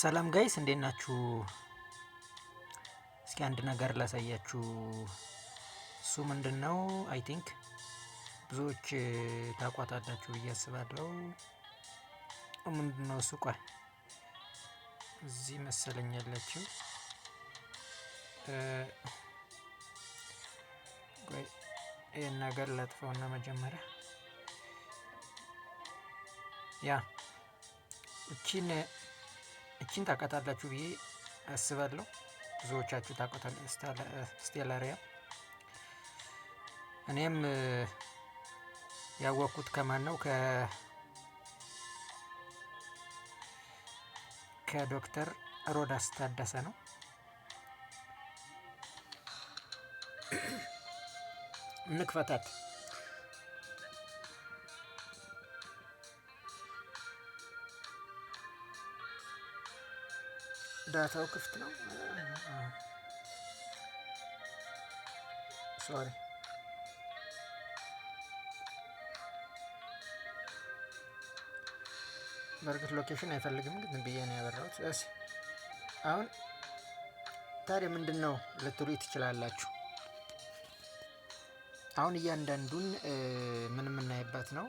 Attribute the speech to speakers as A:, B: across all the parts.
A: ሰላም ጋይስ እንዴት ናችሁ? እስኪ አንድ ነገር ላሳያችሁ። እሱ ምንድን ነው? አይ ቲንክ ብዙዎች ታቋታላችሁ ብዬ አስባለሁ። ምንድን ነው እሱ? ቆይ እዚህ መሰለኝ ያለችው። ይህን ነገር ላጥፈውና መጀመሪያ ያ እቺን እቺን ታውቃታላችሁ ብዬ አስባለሁ። ብዙዎቻችሁ ታውቃታል ስቴላሪያ። እኔም ያወቅኩት ከማን ነው ከዶክተር ሮዳስ ታደሰ ነው። እንክፈታት። ዳታው ክፍት ነው። ሶሪ በእርግጥ ሎኬሽን አይፈልግም፣ ግን ብዬ ነው ያበራሁት። እሺ አሁን ታዲያ ምንድን ነው ልትሉ ትችላላችሁ። አሁን እያንዳንዱን ምን የምናይበት ነው።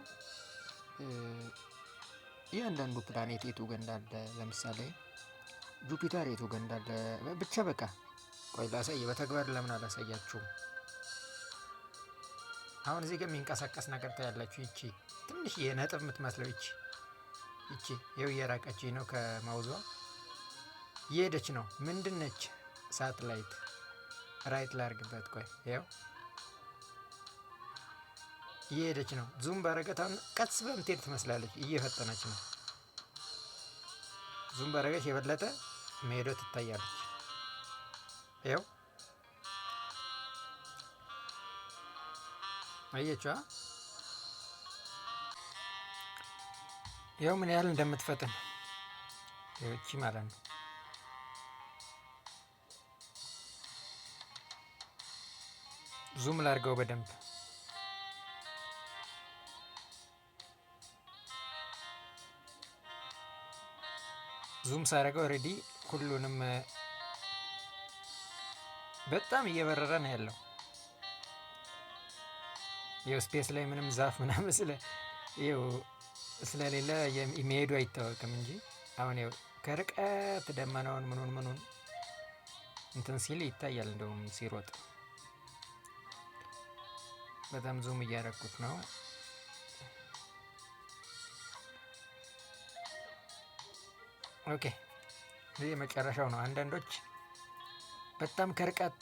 A: እያንዳንዱ ፕላኔት የቱ ገንዳለ ለምሳሌ ጁፒተር የቱ ጋ እንዳለ ብቻ በቃ ቆይ ላሳይ። በተግባር ለምን አላሳያችሁም? አሁን እዚህ ጋር የሚንቀሳቀስ ነገር ታያላችሁ። ይቺ ትንሽ የነጥብ የምትመስለው ይቺ ይቺ ይኸው እየራቀች ነው ከማውዟ እየሄደች ነው። ምንድን ነች? ሳትላይት ራይት ላርግበት። ቆይ ይኸው እየሄደች ነው። ዙም ባረገት አሁን ቀስ በምትሄድ ትመስላለች። እየፈጠነች ነው። ዙም ባረገች የበለጠ መሄዶ ትታያለች። ይኸው አየችዋ። ይኸው ምን ያህል እንደምትፈጥን ይቺ ማለት ነው። ዙም ላድርገው በደንብ ዙም ሳደርገው ኦልሬዲ ሁሉንም በጣም እየበረረ ነው ያለው። ይኸው ስፔስ ላይ ምንም ዛፍ ምናምን ስለ ይኸው ስለሌለ የሚሄዱ አይታወቅም እንጂ አሁን ይኸው ከርቀት ደመናውን ምኑን ምኑን እንትን ሲል ይታያል። እንደውም ሲሮጥ በጣም ዙም እያደረኩት ነው። ኦኬ እዚህ የመጨረሻው ነው። አንዳንዶች በጣም ከርቀት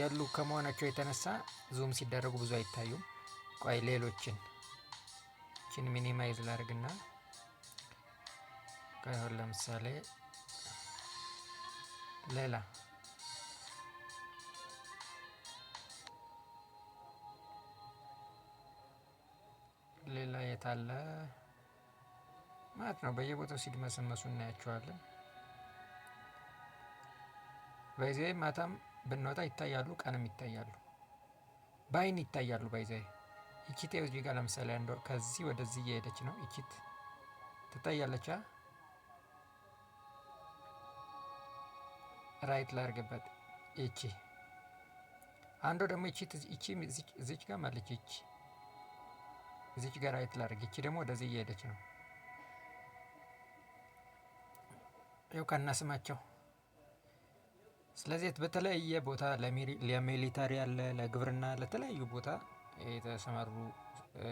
A: ያሉ ከመሆናቸው የተነሳ ዙም ሲደረጉ ብዙ አይታዩም። ቆይ ሌሎችን ችን ሚኒማይዝ ላርግና ከሁን ለምሳሌ ሌላ ሌላ የታለ ማለት ነው። በየቦታው ሲድመሰመሱ እናያቸዋለን። ባይዛይ ማታም ብንወጣ ይታያሉ፣ ቀንም ይታያሉ፣ በአይን ይታያሉ። ባይዛይ ይቺት እዚህ ጋር ለምሳሌ አንዱ ከዚህ ወደዚህ እየሄደች ነው። ይቺት ትታያለች። ራይት ላርግበት። ይቺ አንዱ ደግሞ ይቺት ይቺ እዚች ጋር ማለች። ይቺ እዚች ጋር ራይት ላርግ። ይቺ ደግሞ ወደዚህ እየሄደች ነው። ያው ስማቸው ስለዚህ በተለያየ ቦታ ለሚሊተሪ ያለ ለግብርና ለተለያዩ ቦታ የተሰማሩ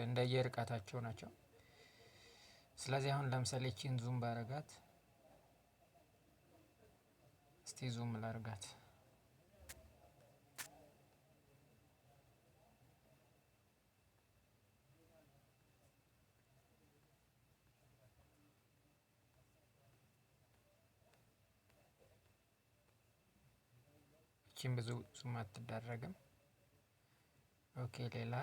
A: እንደየርቀታቸው ናቸው። ስለዚህ አሁን ለምሳሌ ቺን ዙም ባረጋት እስቲ ዙም ላርጋት ይችን ብዙ ዙም አትዳረግም። ኦኬ ሌላ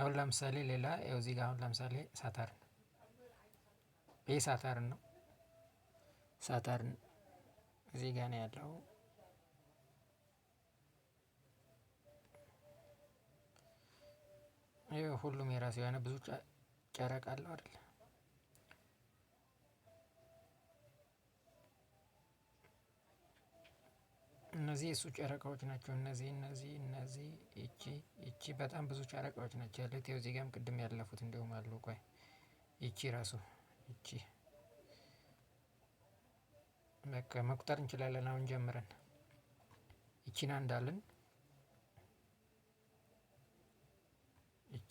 A: አሁን ለምሳሌ ሌላ ያው እዚህ ጋር አሁን ለምሳሌ ሳተርን ይህ ሳተርን ነው። ሳተርን እዚህ ጋር ነው ያለው። ሁሉም የራሱ የሆነ ብዙ ጨረቃ አለው አይደል? እነዚህ የእሱ ጨረቃዎች ናቸው። እነዚህ እነዚህ እነዚህ ይቺ ይቺ በጣም ብዙ ጨረቃዎች ናቸው ያሉት ያው እዚህ ጋርም ቅድም ያለፉት እንዲሁም አሉ። ቆይ ይቺ ራሱ ይቺ በቃ መቁጠር እንችላለን። አሁን ጀምረን ይቺን አንድ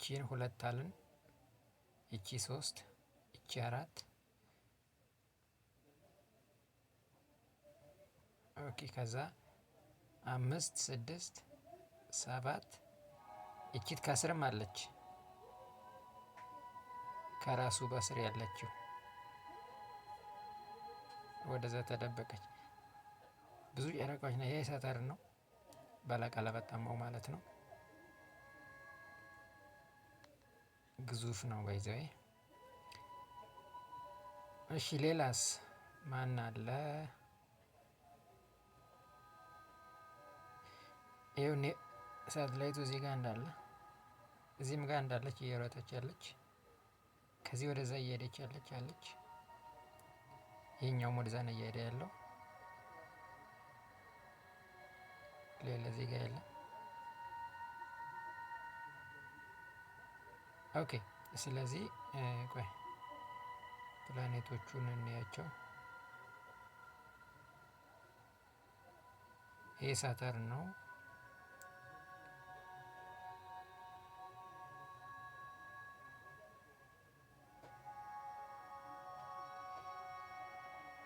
A: እቺን ሁለት አልን፣ እቺ ሶስት፣ እቺ አራት። ኦኬ ከዛ አምስት፣ ስድስት፣ ሰባት። እቺት ከስርም አለች ከራሱ በስር ያለችው ወደዛ ተደበቀች። ብዙ ጨረቃዎች ነው። ይሄ ሰተር ነው ባለቀለበት ጠማው ማለት ነው። ግዙፍ ነው። ባይዘዌ እሺ ሌላስ ማን አለ? ይኸው ሳትላይቱ እዚህ ጋር እንዳለ እዚህም ጋር እንዳለች እየሮጠች ያለች ከዚህ ወደዛ እየሄደች ያለች ያለች ይህኛውም ወደዛ ነው እየሄደ ያለው። ሌላ ዜጋ የለም። ኦኬ ስለዚህ ቆይ ፕላኔቶቹን እንያቸው። ይሄ ሳተርን ነው።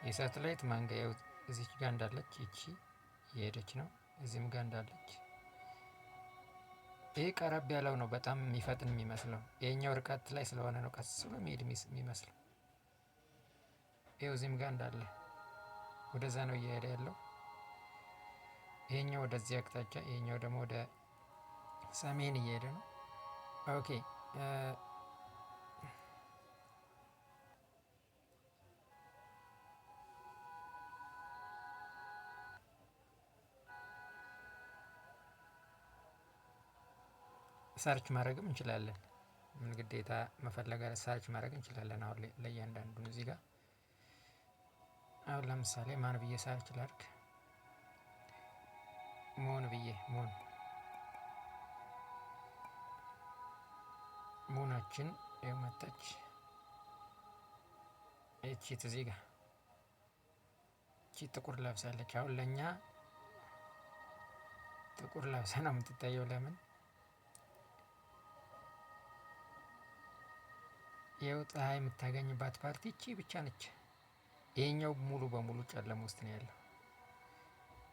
A: የሳተላይት ማንገያው እዚች ጋር እንዳለች ይቺ የሄደች ነው። እዚህም ጋር እንዳለች ይሄ ቀረብ ያለው ነው በጣም የሚፈጥን የሚመስለው። የኛው ርቀት ላይ ስለሆነ ነው ቀስ ብሎ የሚሄድ የሚመስለው። ይኸው እዚህም ጋር እንዳለ ወደዛ ነው እየሄደ ያለው። ይሄኛው ወደዚህ አቅጣጫ፣ ይሄኛው ደግሞ ወደ ሰሜን እየሄደ ነው። ኦኬ ሰርች ማድረግም እንችላለን። ምን ግዴታ መፈለገ ሰርች ማድረግ እንችላለን። አሁን ለእያንዳንዱ እዚህ ጋር አሁን ለምሳሌ ማን ብዬ ሰርች ላድርግ? ሞን ብዬ ሞን ሞናችን የመጣች ይቺት እዚህ ጋር ጥቁር ለብሳለች። አሁን ለእኛ ጥቁር ለብሳ ነው የምትታየው። ለምን ይኸው ፀሐይ የምታገኝባት ፓርቲ እቺ ብቻ ነች። ይሄኛው ሙሉ በሙሉ ጨለማ ውስጥ ነው ያለው።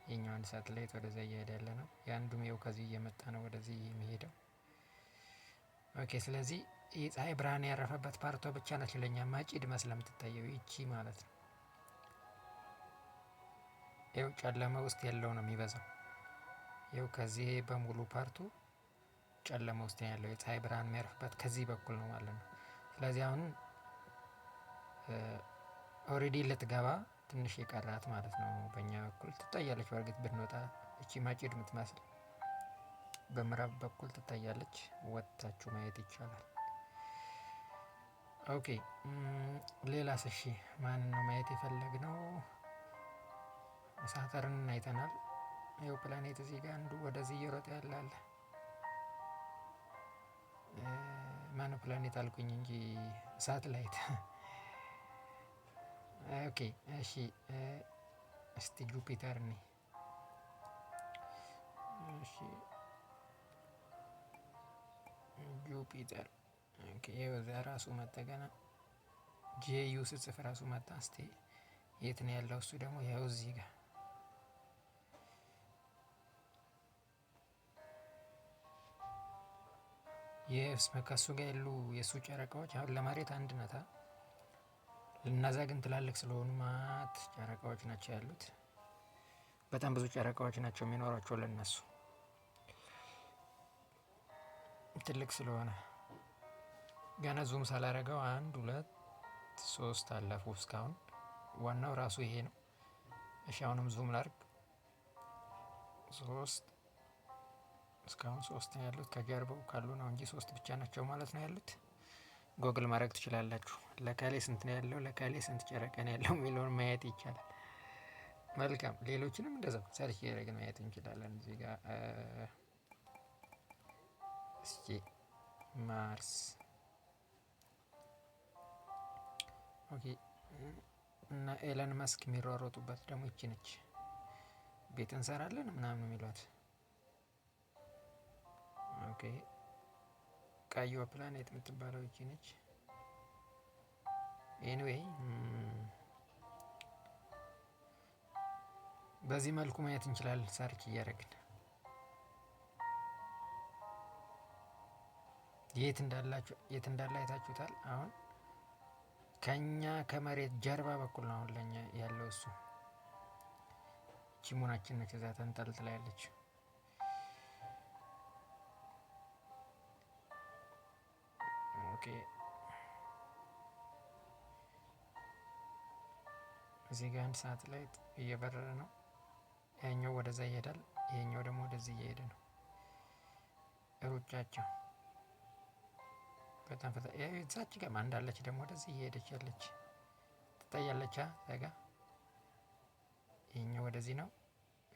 A: ይሄኛው አንድ ሳተላይት ወደዛ እየሄደ ያለ ነው። የአንዱም ይኸው ከዚህ እየመጣ ነው ወደዚህ የሚሄደው። ኦኬ ስለዚህ የፀሐይ ብርሃን ያረፈበት ፓርቷ ብቻ ነች ለኛ ማጭድ መስላ የምትታየው ይቺ ማለት ነው። ይኸው ጨለማ ውስጥ ያለው ነው የሚበዛው። ይኸው ከዚህ በሙሉ ፓርቱ ጨለማ ውስጥ ያለው የፀሐይ ብርሃን የሚያርፍበት ከዚህ በኩል ነው ማለት ነው። ስለዚህ አሁን ኦሬዲ ልትገባ ትንሽ የቀራት ማለት ነው። በእኛ በኩል ትታያለች። በእርግጥ ብንወጣ እቺ ማጭድ የምትመስል በምዕራብ በኩል ትታያለች። ወጥታችሁ ማየት ይቻላል። ኦኬ ሌላ እሺ ማን ነው ማየት ነው? ሳተርን አይተናል። ይኸው ፕላኔት እዚህ ጋር አንዱ ወደዚህ እየሮጠ ያለ አለ። ሮማን ፕላኔት አልኩኝ እንጂ ሳትላይት። ኦኬ እሺ፣ እስቲ ጁፒተር ነ ጁፒተር ይኸው ራሱ መጣ ጄዩ ስጽፍ ራሱ መጣ። እስቲ የት ነው ያለው እሱ ደግሞ? ይኸው እዚህ ጋር የኤፍስ ከእሱ ጋር ያሉ የእሱ ጨረቃዎች አሁን ለመሬት አንድ ነታ እነዛ ግን ትላልቅ ስለሆኑ ማት ጨረቃዎች ናቸው ያሉት። በጣም ብዙ ጨረቃዎች ናቸው የሚኖራቸው ለነሱ ትልቅ ስለሆነ ገና ዙም ሳላረገው አንድ ሁለት ሶስት አለፉ እስካሁን። ዋናው ራሱ ይሄ ነው። እሺ አሁንም ዙም ላርግ ሶስት እስካሁን ሶስት ነው ያሉት። ከጀርባው ካሉ ነው እንጂ ሶስት ብቻ ናቸው ማለት ነው ያሉት። ጎግል ማድረግ ትችላላችሁ። ለካሌ ስንት ነው ያለው፣ ለካሌ ስንት ጨረቃ ነው ያለው የሚለውን ማየት ይቻላል። መልካም ሌሎችንም እንደዛ ሰርች ያደረግን ማየት እንችላለን። እዚህ ጋር እስኪ ማርስ ኦኬ እና ኤለን መስክ የሚሯሮጡበት ደግሞ ይቺ ነች። ቤት እንሰራለን ምናምን የሚሏት ኦኬ ቀዩ ፕላኔት የምትባለው እቺ ነች። ኤኒዌይ በዚህ መልኩ ማየት እንችላለን። ሰርች እያደረግን የት እንዳላችሁ የት እንዳለ አይታችሁታል። አሁን ከኛ ከመሬት ጀርባ በኩል ነው አሁን ለኛ ያለው እሱ ቺሙናችን ነች እዛ ተንጠልጥላ ያለችው። እዚህ ጋ አንድ ሰዓት ላይ እየበረረ ነው። ያኛው ወደዛ ይሄዳል፣ ይሄኛው ደግሞ ወደዚህ እየሄደ ነው። ሩጫቸው በጣም ፈታ ዛች ጋር እንዳለች ደግሞ ወደዚህ እየሄደች ያለች ትታያለች። ዛጋ ይሄኛው ወደዚህ ነው።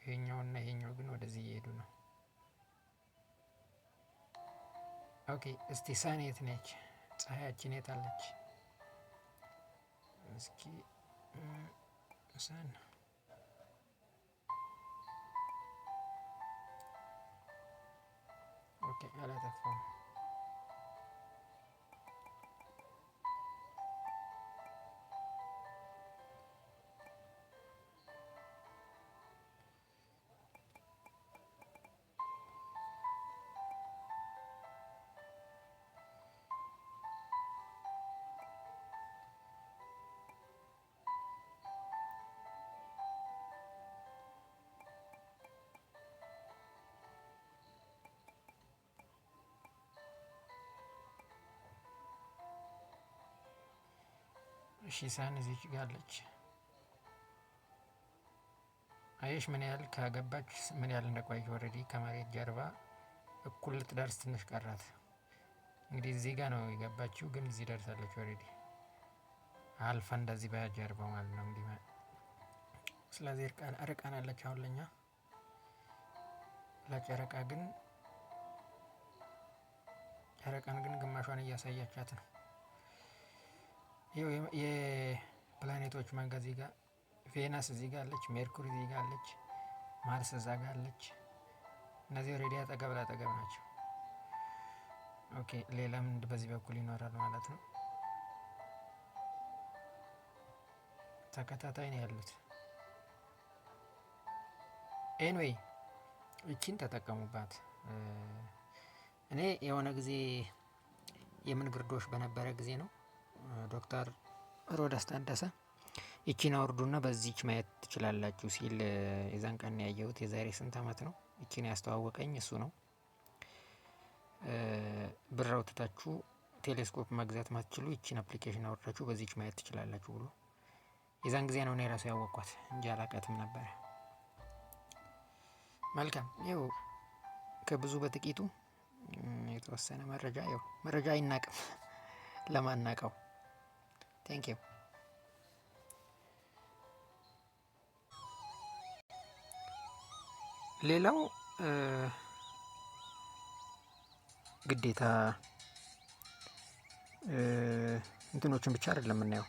A: ይሄኛውና ይሄኛው ግን ወደዚህ እየሄዱ ነው። ኦኬ፣ እስቲ ሳኔ ነች? ፀሐያችን የታለች? እስኪ ሰን ኦኬ አላጠፋም። እሺ ሳህን እዚች ጋር አለች። አየሽ ምን ያህል ካገባች ምን ያህል እንደቆየች ኦልሬዲ ከመሬት ጀርባ እኩል ልትደርስ ትንሽ ቀራት። እንግዲህ እዚህ ጋር ነው የገባችው፣ ግን እዚህ ደርሳለች ኦልሬዲ አልፋ እንደዚህ በጀርባው ማለት ነው እንግዲህ ስለዚህ እርቃናለች አሁን ለኛ ለጨረቃ ግን ጨረቃን ግን ግማሿን እያሳያቻት ነው። የፕላኔቶች መንገድ እዚህ ጋር ቬነስ እዚህ አለች፣ ሜርኩሪ እዚህ አለች፣ ማርስ እዛ አለች። እነዚህ ኦልሬዲ አጠገብ ላጠገብ ናቸው። ኦኬ ምን በዚህ በኩል ይኖራል ማለት ነው። ተከታታይ ነው ያሉት። ኤንዌይ እቺን ተጠቀሙባት። እኔ የሆነ ጊዜ የምን ግርዶሽ በነበረ ጊዜ ነው ዶክተር ሮዳስ ታደሰ ይቺን አውርዱና በዚች ማየት ትችላላችሁ ሲል የዛን ቀን ያየሁት የዛሬ ስንት ዓመት ነው። ይቺን ያስተዋወቀኝ እሱ ነው። ብር አውጥታችሁ ቴሌስኮፕ መግዛት ማትችሉ ይቺን አፕሊኬሽን አውርዳችሁ በዚች ማየት ትችላላችሁ ብሎ የዛን ጊዜ ነው እኔ ራሱ ያወቅኳት እንጂ አላውቃትም ነበረ። መልካም ይው ከብዙ በጥቂቱ የተወሰነ መረጃ ይው መረጃ አይናቅም ለማናቀው ቴንክ ዩ። ሌላው ግዴታ እንትኖችን ብቻ አይደለም የምናየው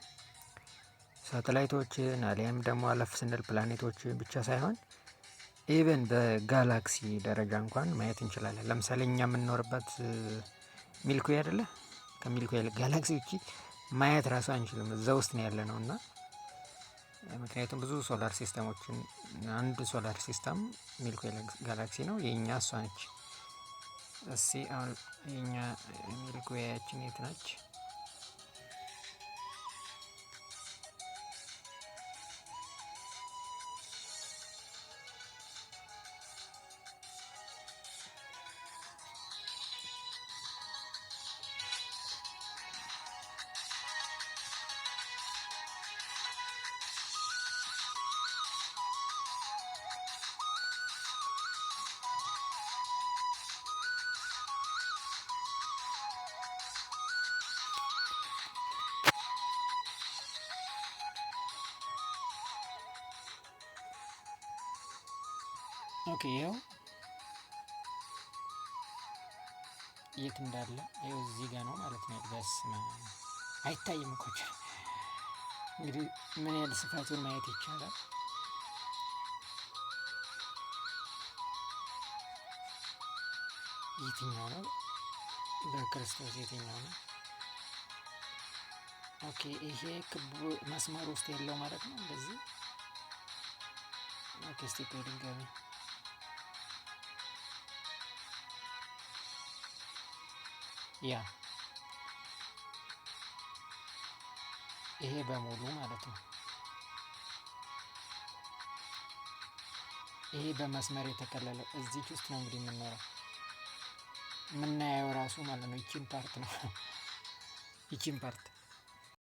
A: ሳተላይቶችን አሊያም ደግሞ አለፍ ስንል ፕላኔቶችን ብቻ ሳይሆን ኢቨን በጋላክሲ ደረጃ እንኳን ማየት እንችላለን። ለምሳሌ እኛ የምንኖርበት ሚልኩዌይ አይደለ? ከሚልኩዌይ ጋላክሲ ውጪ ማየት ራሱ አንችልም። እዛ ውስጥ ነው ያለ ነው እና ምክንያቱም ብዙ ሶላር ሲስተሞችን አንድ ሶላር ሲስተም ሚልክ ጋላክሲ ነው የእኛ እሷ ነች። እሲ አሁን የእኛ ሚልክ ያችን የት ናች? ኦኬ ይኸው የት እንዳለ ይኸው እዚህ ጋ ነው ማለት ነው። በስመ አብ አይታይም እኮ እንግዲህ ምን ያህል ስፋቱን ማየት ይቻላል። የትኛው ነው በክርስቶስ የትኛው ነው? ኦኬ ይሄ ክቡ መስመር ውስጥ ያለው ማለት ነው። እንደዚህ ኦኬ ስቴፕ ድጋሚ ያ ይሄ በሙሉ ማለት ነው። ይሄ በመስመር የተከለለው እዚች ውስጥ ነው እንግዲህ የምንኖረው የምናየው ራሱ ማለት ነው። ይችን ፓርት ነው ይችን ፓርት